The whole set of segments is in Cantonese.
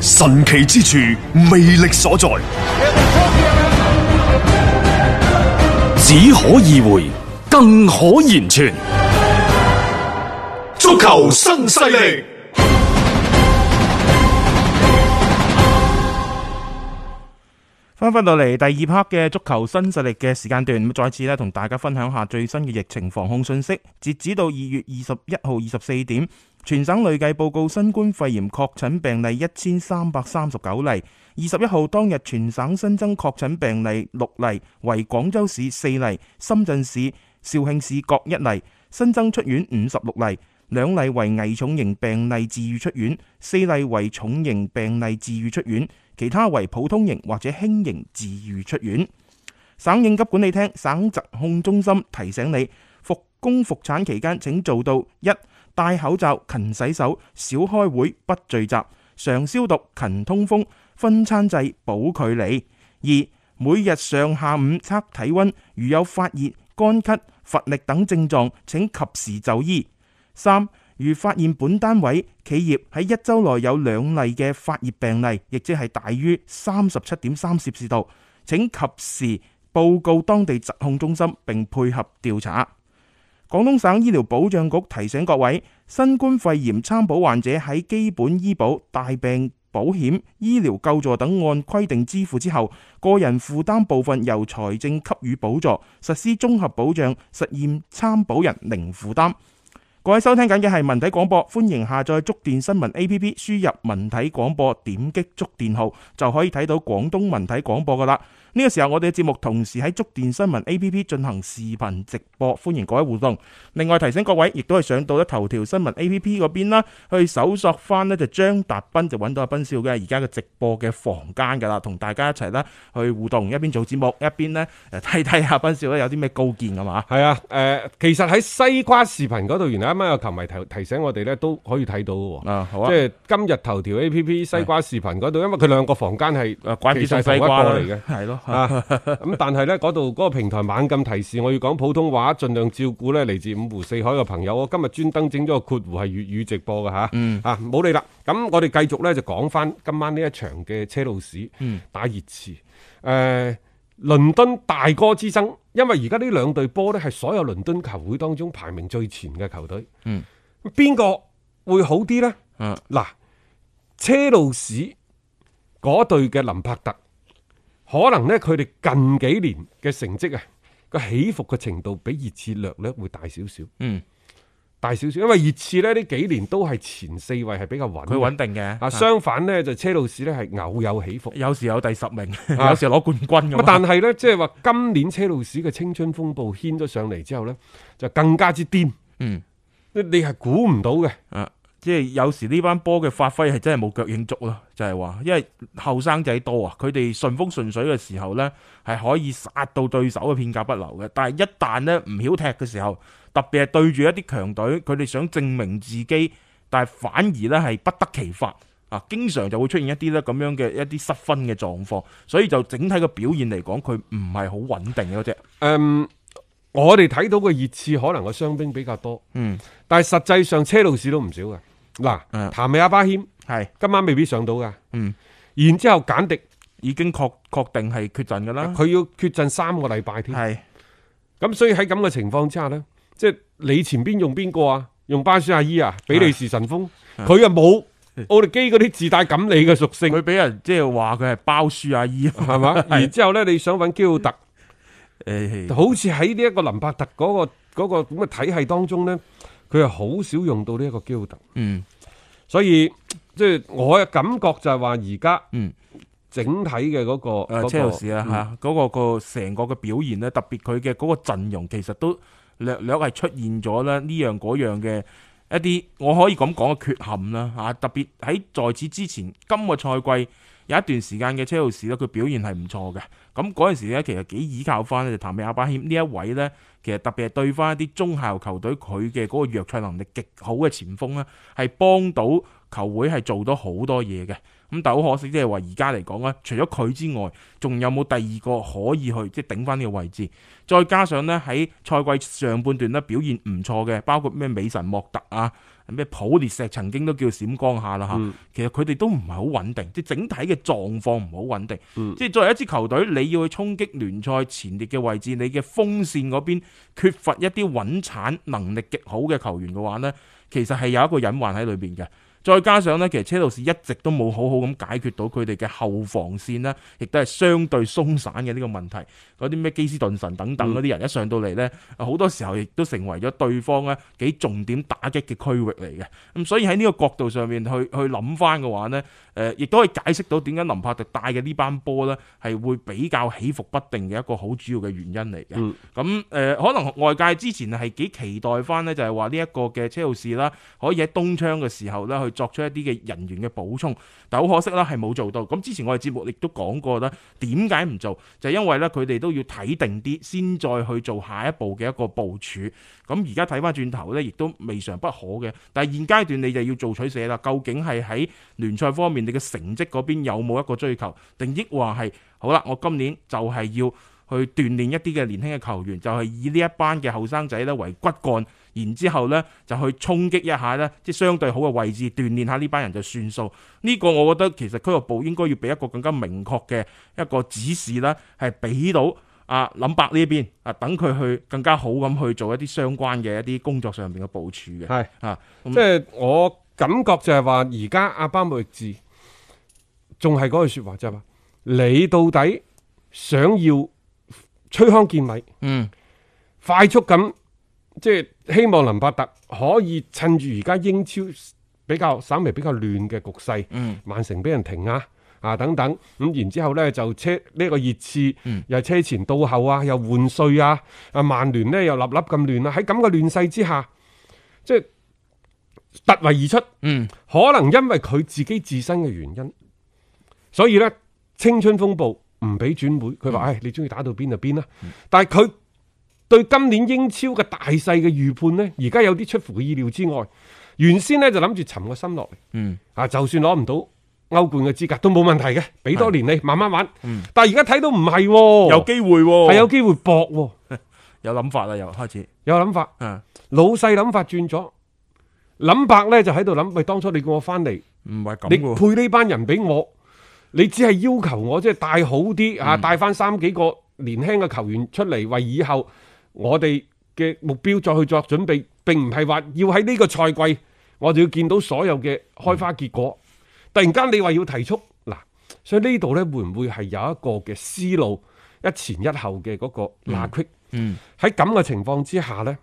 神奇之處，魅力所在，只可意會，更可言傳，足球新勢力。翻翻到嚟第二 part 嘅足球新勢力嘅時間段，咁再次咧同大家分享下最新嘅疫情防控信息。截止到二月二十一號二十四點，全省累計報告新冠肺炎確診病例一千三百三十九例。二十一號當日全省新增確診病例六例，為廣州市四例，深圳市、肇慶市各一例。新增出院五十六例，兩例為危重型病例治愈出院，四例為重型病例治愈出院。其他為普通型或者輕型自愈出院。省應急管理廳、省疾控中心提醒你：復工復產期間，請做到一戴口罩、勤洗手、少開會、不聚集、常消毒、勤通風、分餐制、保距離；二每日上下午測體溫，如有發熱、乾咳、乏力等症狀，請及時就醫。三如發現本單位企業喺一周內有兩例嘅發熱病例，亦即係大於三十七點三攝氏度，請及時報告當地疾控中心並配合調查。廣東省醫療保障局提醒各位，新冠肺炎參保患者喺基本醫保、大病保險、醫療救助等按規定支付之後，個人負擔部分由財政給予補助，實施綜合保障，實現參保人零負擔。各位收聽緊嘅係文體廣播，歡迎下載觸電新聞 APP，輸入文體廣播，點擊觸電號就可以睇到廣東文體廣播噶啦。呢個時候，我哋嘅節目同時喺觸電新聞 A P P 進行視頻直播，歡迎各位互動。另外提醒各位，亦都係上到一頭條新聞 A P P 嗰邊啦，去搜索翻呢就張達斌，就揾到阿斌少嘅而家嘅直播嘅房間㗎啦，同大家一齊呢去互動，一邊做節目，一邊呢睇睇阿斌少咧有啲咩高見㗎嘛。係啊，誒、呃、其實喺西瓜視頻嗰度，原來啱啱有球迷提提醒我哋呢都可以睇到喎。啊，好啊，即係今日頭條 A P P 西瓜視頻嗰度，因為佢兩個房間係是、啊、關住西瓜。嚟嘅， 係咯。 啊咁，但係呢嗰度嗰個平台猛咁提示，我要講普通話，盡量照顧呢嚟自五湖四海嘅朋友。我今日專登整咗個括弧係粵語直播㗎吓，啊冇你啦。咁、嗯啊、我哋繼續呢，就講翻今晚呢一場嘅車路士，嗯、打熱刺，誒、呃，倫敦大哥之爭，因為而家呢兩隊波呢係所有倫敦球會當中排名最前嘅球隊，嗯，邊個會好啲呢？啊嗱、啊，車路士嗰隊嘅林柏特。可能呢，佢哋近幾年嘅成績啊，個起伏嘅程度比熱刺略咧會大少少，嗯，大少少，因為熱刺呢呢幾年都係前四位係比較穩，佢穩定嘅。啊，相反呢，就車路士呢係偶有起伏，有時有第十名，啊，有時攞冠軍咁，啊。但係呢，即係話今年車路士嘅青春風暴掀咗上嚟之後呢，就更加之癲，嗯，你你係估唔到嘅啊。即係有時呢班波嘅發揮係真係冇腳影足咯，就係話，因為後生仔多啊，佢哋順風順水嘅時候呢係可以殺到對手嘅片甲不留嘅。但係一旦呢唔曉踢嘅時候，特別係對住一啲強隊，佢哋想證明自己，但係反而呢係不得其法啊，經常就會出現一啲呢咁樣嘅一啲失分嘅狀況。所以就整體嘅表現嚟講，佢唔係好穩定嗰隻。誒、嗯，我哋睇到嘅熱刺可能個傷兵比較多，嗯，但係實際上車路士都唔少嘅。嗱，譚美阿巴謙係今晚未必上到噶，嗯、然之後簡迪已經確確定係缺陣噶啦，佢要缺陣三個禮拜添，咁是所以喺咁嘅情況之下呢，即、就、係、是、你前邊用邊個啊？用巴書阿姨啊？比利時神風，佢又冇奧力基嗰啲自帶錦鯉嘅屬性，佢俾是人即係話佢係包書阿姨係、啊、嘛？吧是然之後呢你想揾基奧特，誒、哎，好似喺呢一個林伯特嗰、那個、那個咁嘅體系當中呢，佢係好少用到呢一個基奧特，嗯。所以即係、就是、我嘅感覺就係話而家，整體嘅嗰、那個、嗯那個、車路士啊吓，嗰、嗯啊那個個成個嘅表現咧，特別佢嘅嗰個陣容，其實都略略係出現咗咧呢樣嗰樣嘅一啲，我可以咁講嘅缺陷啦吓、啊，特別喺在此之前今個賽季。有一段時間嘅車路士咧，佢表現係唔錯嘅。咁嗰陣時咧，其實幾倚靠翻咧，就譚美阿巴謙呢一位咧，其實特別係對翻一啲中校球隊佢嘅嗰個弱菜能力極好嘅前鋒啦，係幫到球會係做到好多嘢嘅。咁但好可惜，即係話而家嚟講咧，除咗佢之外，仲有冇第二個可以去即係頂翻呢個位置？再加上咧喺賽季上半段咧表現唔錯嘅，包括咩美神莫特啊。咩普列石曾經都叫閃光下啦嚇。嗯、其實佢哋都唔係好穩定，即整體嘅狀況唔好穩定。即係、嗯、作為一支球隊，你要去衝擊聯賽前列嘅位置，你嘅鋒線嗰邊缺乏一啲穩產能力極好嘅球員嘅話呢，其實係有一個隱患喺裏面嘅。再加上呢，其實車路士一直都冇好好咁解決到佢哋嘅後防線啦，亦都係相對鬆散嘅呢個問題，嗰啲咩基斯頓臣等等嗰啲人一上到嚟咧，好、嗯、多時候亦都成為咗對方咧幾重點打擊嘅區域嚟嘅。咁所以喺呢個角度上面去去諗翻嘅話咧，誒亦都可以解釋到點解林柏特帶嘅呢班波咧係會比較起伏不定嘅一個好主要嘅原因嚟嘅。咁誒、嗯呃、可能外界之前係幾期待翻咧，就係話呢一個嘅車路士啦，可以喺東窗嘅時候咧去。作出一啲嘅人員嘅補充，但好可惜啦，係冇做到。咁之前我哋節目亦都講過啦，點解唔做？就係因為呢，佢哋都要睇定啲，先再去做下一步嘅一個部署。咁而家睇翻轉頭呢，亦都未嘗不可嘅。但係現階段你就要做取捨啦。究竟係喺聯賽方面，你嘅成績嗰邊有冇一個追求，定抑或係？好啦，我今年就係要。去鍛煉一啲嘅年輕嘅球員，就係、是、以呢一班嘅後生仔呢為骨幹，然之後咧就去衝擊一下呢，即相對好嘅位置，鍛煉下呢班人就算數。呢、這個我覺得其實俱樂部應該要俾一個更加明確嘅一個指示啦，係俾到阿林伯呢邊啊，等佢去更加好咁去做一啲相關嘅一啲工作上面嘅部署嘅。係啊是，即係、嗯、我感覺就係話而家阿巴梅治仲係嗰句說話，就係、是、話你到底想要？吹康見米，嗯，快速咁，即、就、係、是、希望林伯特可以趁住而家英超比較稍微比較亂嘅局勢，嗯，曼城俾人停啊，啊等等，咁然之後呢，就車呢、這個熱刺，嗯、又車前到後啊，又換稅啊，啊曼聯呢又粒粒咁亂啊，喺咁嘅亂勢之下，即、就、係、是、突圍而出，嗯，可能因為佢自己自身嘅原因，所以呢，青春風暴。唔俾轉會，佢話：，誒、嗯哎，你中意打到邊就邊啦。嗯、但係佢對今年英超嘅大細嘅預判呢，而家有啲出乎意料之外。原先呢就諗住沉個心落嚟，嗯，啊，就算攞唔到歐冠嘅資格都冇問題嘅，俾多年你是慢慢玩。嗯、但係而家睇到唔係，有機會係、哦、有機會搏、哦， 有諗法啦，又開始有諗法。啊是，老細諗法轉咗，諗白呢就喺度諗，喂，當初你叫我翻嚟，唔係咁，你配呢班人俾我。你只係要求我即係帶好啲啊，帶翻三幾個年輕嘅球員出嚟，為以後我哋嘅目標再去作準備，並唔係話要喺呢個賽季我哋要見到所有嘅開花結果。嗯，突然間你話要提速嗱，所以呢度呢，會唔會係有一個嘅思路一前一後嘅嗰個拉鋸？嗯，喺咁嘅情況之下呢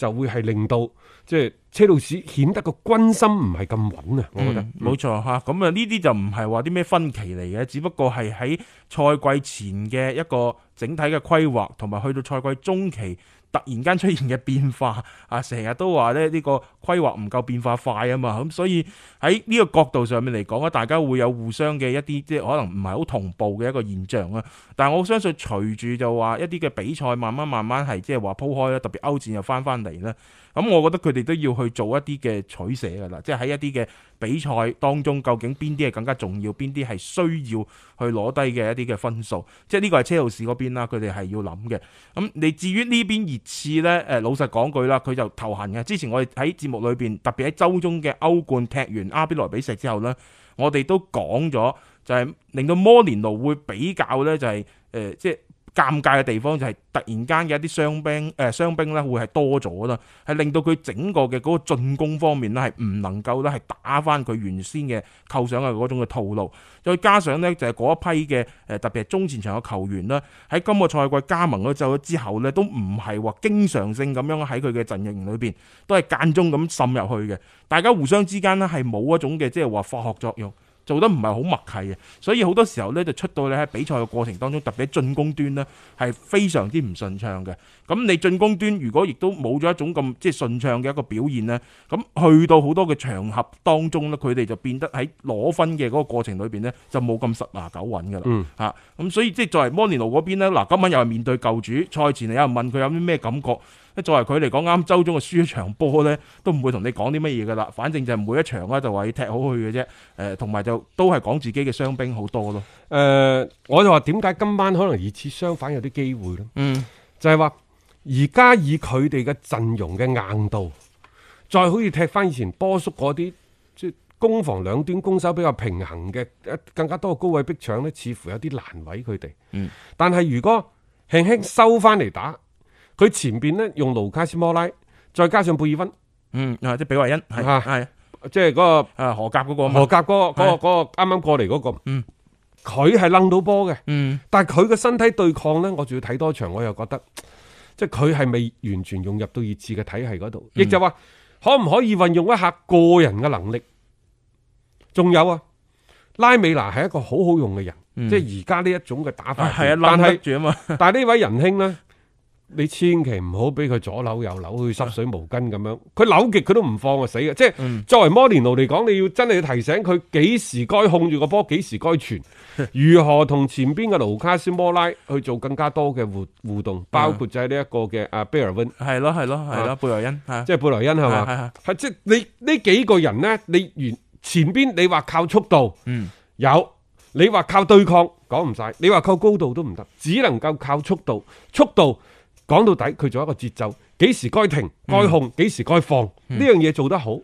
就會係令到即係、就是、車路士顯得個軍心唔係咁穩啊！嗯、我覺得冇、嗯、錯嚇，咁啊呢啲就唔係話啲咩分歧嚟嘅，只不過係喺賽季前嘅一個整體嘅規劃，同埋去到賽季中期。突然間出現嘅變化啊，成日都話咧呢個規劃唔夠變化快啊嘛，咁所以喺呢個角度上面嚟講咧，大家會有互相嘅一啲即係可能唔係好同步嘅一個現象啊。但係我相信隨住就話一啲嘅比賽慢慢慢慢係即係話鋪開咧，特別歐戰又翻翻嚟咧。咁、嗯、我覺得佢哋都要去做一啲嘅取捨嘅啦，即係喺一啲嘅比賽當中，究竟邊啲係更加重要，邊啲係需要去攞低嘅一啲嘅分數，即係呢個係車路士嗰邊啦，佢哋係要諗嘅。咁、嗯、你至於呢邊熱刺呢？老實講句啦，佢就頭痕嘅。之前我哋喺節目裏面，特別喺周中嘅歐冠踢完阿比萊比錫之後呢，我哋都講咗，就係令到摩連奴會比較呢、就係，就、呃、係即係。尷尬嘅地方就係突然間嘅一啲傷兵，誒傷兵咧會係多咗啦，係令到佢整個嘅嗰個進攻方面咧係唔能夠咧係打返佢原先嘅構想嘅嗰種嘅套路，再加上咧就係嗰一批嘅誒特別係中前場嘅球員啦，喺今個賽季加盟咗之後咧都唔係話經常性咁樣喺佢嘅陣營裏邊都係間中咁滲入去嘅，大家互相之間咧係冇一種嘅即係話化學作用。做得唔係好默契嘅，所以好多時候呢，就出到嚟喺比賽嘅過程當中，特別喺進攻端呢，係非常之唔順暢嘅。咁你進攻端如果亦都冇咗一種咁即係順暢嘅一個表現呢，咁去到好多嘅場合當中呢，佢哋就變得喺攞分嘅嗰個過程裏邊呢，就冇咁十拿九穩㗎喇。嗯，嚇，咁所以即係作為摩連奴嗰邊呢，嗱，今晚又係面對舊主，賽前有人問佢有啲咩感覺。一作為佢嚟講，啱周中嘅輸一場波咧，都唔會同你講啲乜嘢噶啦。反正就係每一場咧，就話要踢好去嘅啫。呃，同埋就都係講自己嘅傷兵好多咯。呃，我就話點解今晚可能以此相反有啲機會咧？嗯，就係話而家以佢哋嘅陣容嘅硬度，再好似踢翻以前波叔嗰啲，即係攻防兩端攻守比較平衡嘅，更加多嘅高位逼搶呢，似乎有啲難為佢哋。嗯，但係如果輕輕收翻嚟打。佢前邊咧用盧卡斯摩拉，再加上貝爾溫，嗯啊，即係比華因，係係，即係嗰個啊荷甲嗰個，荷甲嗰個個啱啱過嚟嗰個，嗯，佢係掹到波嘅，嗯，但係佢嘅身體對抗咧，我仲要睇多場，我又覺得，即係佢係未完全融入到熱刺嘅體系嗰度，亦就話可唔可以運用一下個人嘅能力？仲有啊，拉美娜係一個好好用嘅人，即係而家呢一種嘅打法，係啊，攬得住嘛，但係呢位仁兄呢？你千祈唔好俾佢左扭右扭去濕水毛巾咁樣，佢扭極佢都唔放啊死嘅！即係作為摩連奴嚟講，你要真係要提醒佢幾時該控住個波，幾時該傳，如何同前邊嘅盧卡斯摩拉去做更加多嘅互互動，包括就係呢一個嘅阿貝萊恩。係咯係咯係咯，貝萊恩嚇，即係貝萊恩係咪？係即係你呢幾個人咧？你前邊你話靠速度，有你話靠對抗講唔曬，你話靠高度都唔得，只能夠靠速度，速度。講到底，佢仲有一個節奏，幾時該停、該控，幾時該放，呢樣嘢做得好，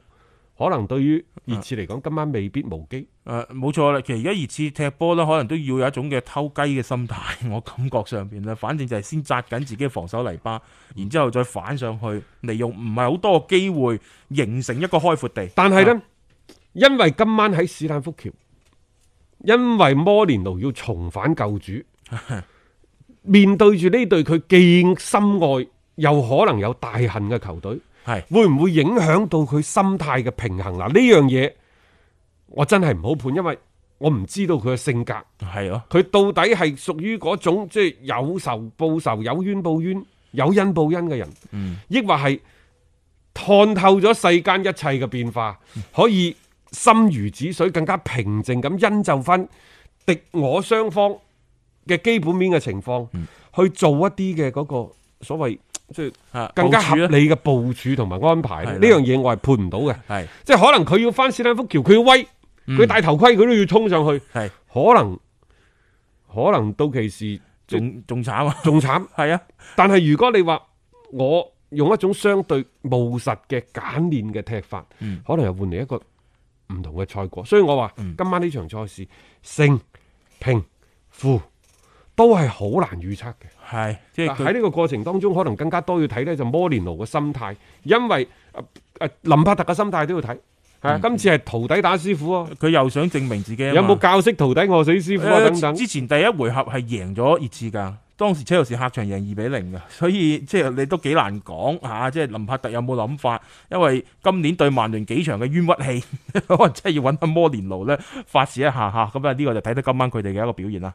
可能對於熱刺嚟講，啊、今晚未必無機。誒、啊，冇錯啦，其實而家熱刺踢波呢，可能都要有一種嘅偷雞嘅心態，我感覺上邊呢，反正就係先扎緊自己嘅防守泥巴，然之後再反上去，利用唔係好多嘅機會，形成一個開闊地。但係呢，啊、因為今晚喺史坦福橋，因為摩連奴要重返舊主。啊面對住呢對佢既深愛又可能有大恨嘅球隊，係是的 會唔會影響到佢心態嘅平衡？嗱，呢樣嘢我真係唔好判，因為我唔知道佢嘅性格係咯，佢是的 到底係屬於嗰種即係有仇報仇、有冤報冤、有恩報恩嘅人，嗯，亦或係看透咗世間一切嘅變化，可以心如止水，更加平靜咁恩就分敵我雙方。嘅基本面嘅情況，去做一啲嘅嗰個所謂即係、就是、更加合理嘅部署同埋安排，啊、呢樣嘢我係判唔到嘅。係即係可能佢要返斯丹福橋，佢要威，佢、嗯、戴頭盔，佢都要衝上去。係的可能可能到期時仲仲慘、啊、慘，仲慘係啊！但係如果你話我用一種相對務實嘅簡練嘅踢法，嗯、可能又換嚟一個唔同嘅賽果。所以我話今晚呢場賽事、嗯、勝平負。都係好難預測嘅，係即係喺呢個過程當中，可能更加多要睇咧就摩連奴嘅心態，因為誒誒、啊、林柏特嘅心態都要睇，啊、嗯、今次係徒弟打師傅啊，佢又想證明自己，有冇教識徒弟餓死師傅啊？等等、啊，之前第一回合係贏咗熱刺噶，當時車路士客場贏二比零噶，所以即係、就是、你都幾難講吓，即、啊、係、就是、林柏特有冇諗法？因為今年對曼聯幾場嘅冤屈氣，可能真係要揾下摩連奴咧發泄一下吓，咁啊呢個就睇得今晚佢哋嘅一個表現啦。